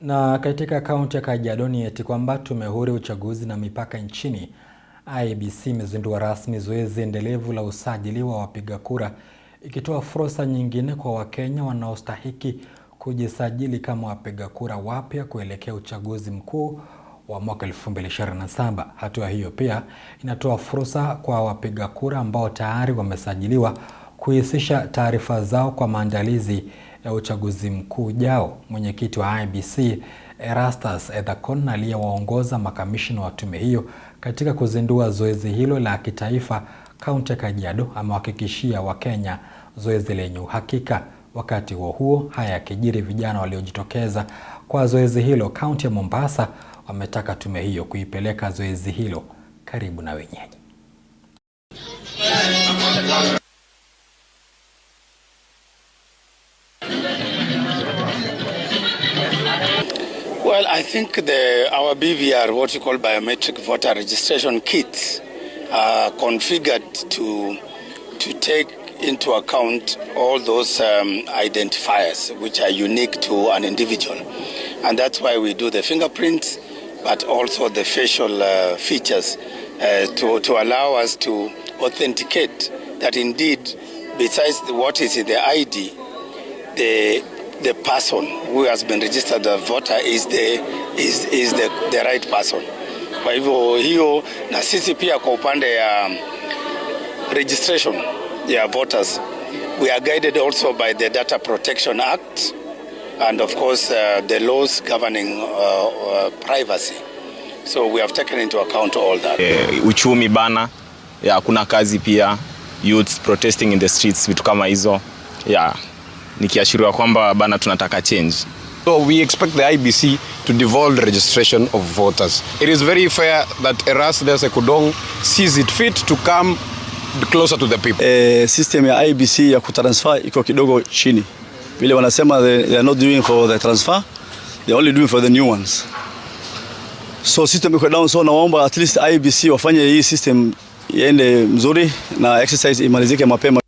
Na katika kaunti ya Kajiado ni eti kwamba Tume Huru Uchaguzi na Mipaka nchini IEBC imezindua rasmi zoezi endelevu la usajili wa wapiga kura, ikitoa fursa nyingine kwa Wakenya wanaostahiki kujisajili kama wapiga kura wapya kuelekea uchaguzi mkuu wa mwaka 2027. Hatua hiyo pia inatoa fursa kwa wapiga kura ambao tayari wamesajiliwa kuhusisha taarifa zao kwa maandalizi ya uchaguzi mkuu ujao. Mwenyekiti wa IEBC Erastus Ethekon aliyewaongoza makamishina wa tume hiyo katika kuzindua zoezi hilo la kitaifa kaunti ya Kajiado amewahakikishia Wakenya zoezi lenye uhakika. Wakati huo huo, haya yakijiri, vijana waliojitokeza kwa zoezi hilo kaunti ya Mombasa wametaka tume hiyo kuipeleka zoezi hilo karibu na wenyeji. Well, I think the, our BVR, what you call biometric voter registration kits, are configured to, to take into account all those um, identifiers which are unique to an individual. And that's why we do the fingerprints, but also the facial uh, features uh, to, to allow us to authenticate that indeed, besides what is in the ID, the the person who has been registered as voter is the, is, is the, the right person. Kwa hivyo hiyo, na sisi pia kwa upande ya um, registration ya voters we are guided also by the Data Protection Act and of course uh, the laws governing uh, uh, privacy so we have taken into account all that. Eh, uchumi bana ya kuna kazi pia youths protesting in the streets vitu kama hizo yeah nikiashiriwa kwamba bana tunataka change So we expect the IBC to devolve the registration of voters. It is very fair that Erastus Ekudong sees it fit to come closer to the people. Eh, system ya IBC ya kutransfer iko kidogo chini. Vile wanasema they, they are not doing for the transfer, they are only doing for the new ones. So system iko down, so naomba at least IBC wafanye hii system iende mzuri na exercise imalizike mapema.